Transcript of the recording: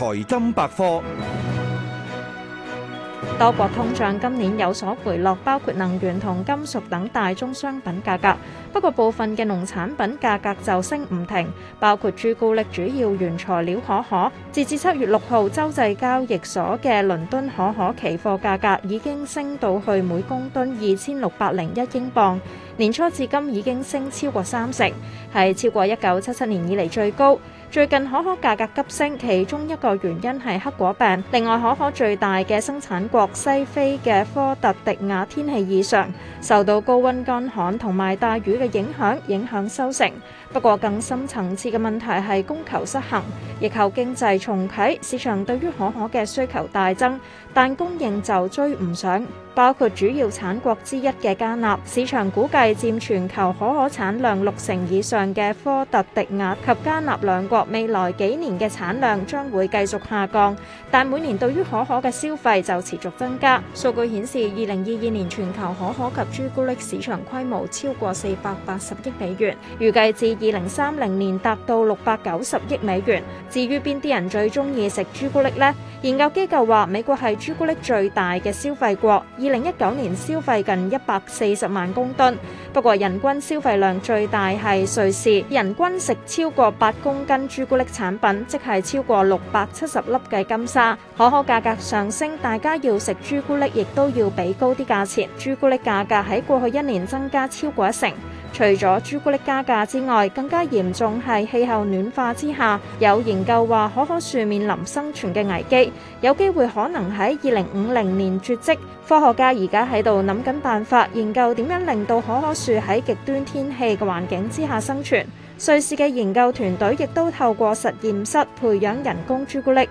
財經百科。多國通脹今年有所回落，包括能源同金屬等大宗商品價格。不過，部分嘅農產品價格就升唔停，包括朱古力主要原材料可可。截至七月六號，洲際交易所嘅倫敦可可期貨價格已經升到去每公噸二千六百零一英鎊，年初至今已經升超過三成，係超過一九七七年以嚟最高。最近可可價格急升，其中一個原因係黑果病。另外，可可最大嘅生產國西非嘅科特迪瓦天氣異常，受到高溫乾旱同埋大雨嘅影響，影響收成。不過，更深層次嘅問題係供求失衡。疫後經濟重啟，市場對於可可嘅需求大增，但供應就追唔上。包括主要產國之一嘅加納，市場估計佔全球可可產量六成以上嘅科特迪瓦及加納兩國，未來幾年嘅產量將會繼續下降，但每年對於可可嘅消費就持續增加。數據顯示，二零二二年全球可可及朱古力市場規模超過四百八十億美元，預計至二零三零年達到六百九十億美元。至於邊啲人最中意食朱古力呢？研究機構話美國係朱古力最大嘅消費國，二零一九年消費近一百四十萬公噸。不過人均消費量最大係瑞士，人均食超過八公斤朱古力產品，即係超過六百七十粒嘅金莎。可可價格上升，大家要食朱古力亦都要俾高啲價錢。朱古力價格喺過去一年增加超過一成。除咗朱古力加價之外，更加嚴重係氣候暖化之下，有研究話可可樹面臨生存嘅危機，有機會可能喺二零五零年絕跡。科學家而家喺度諗緊辦法，研究點樣令到可可樹喺極端天氣嘅環境之下生存。瑞士嘅研究團隊亦都透過實驗室培養人工朱古力。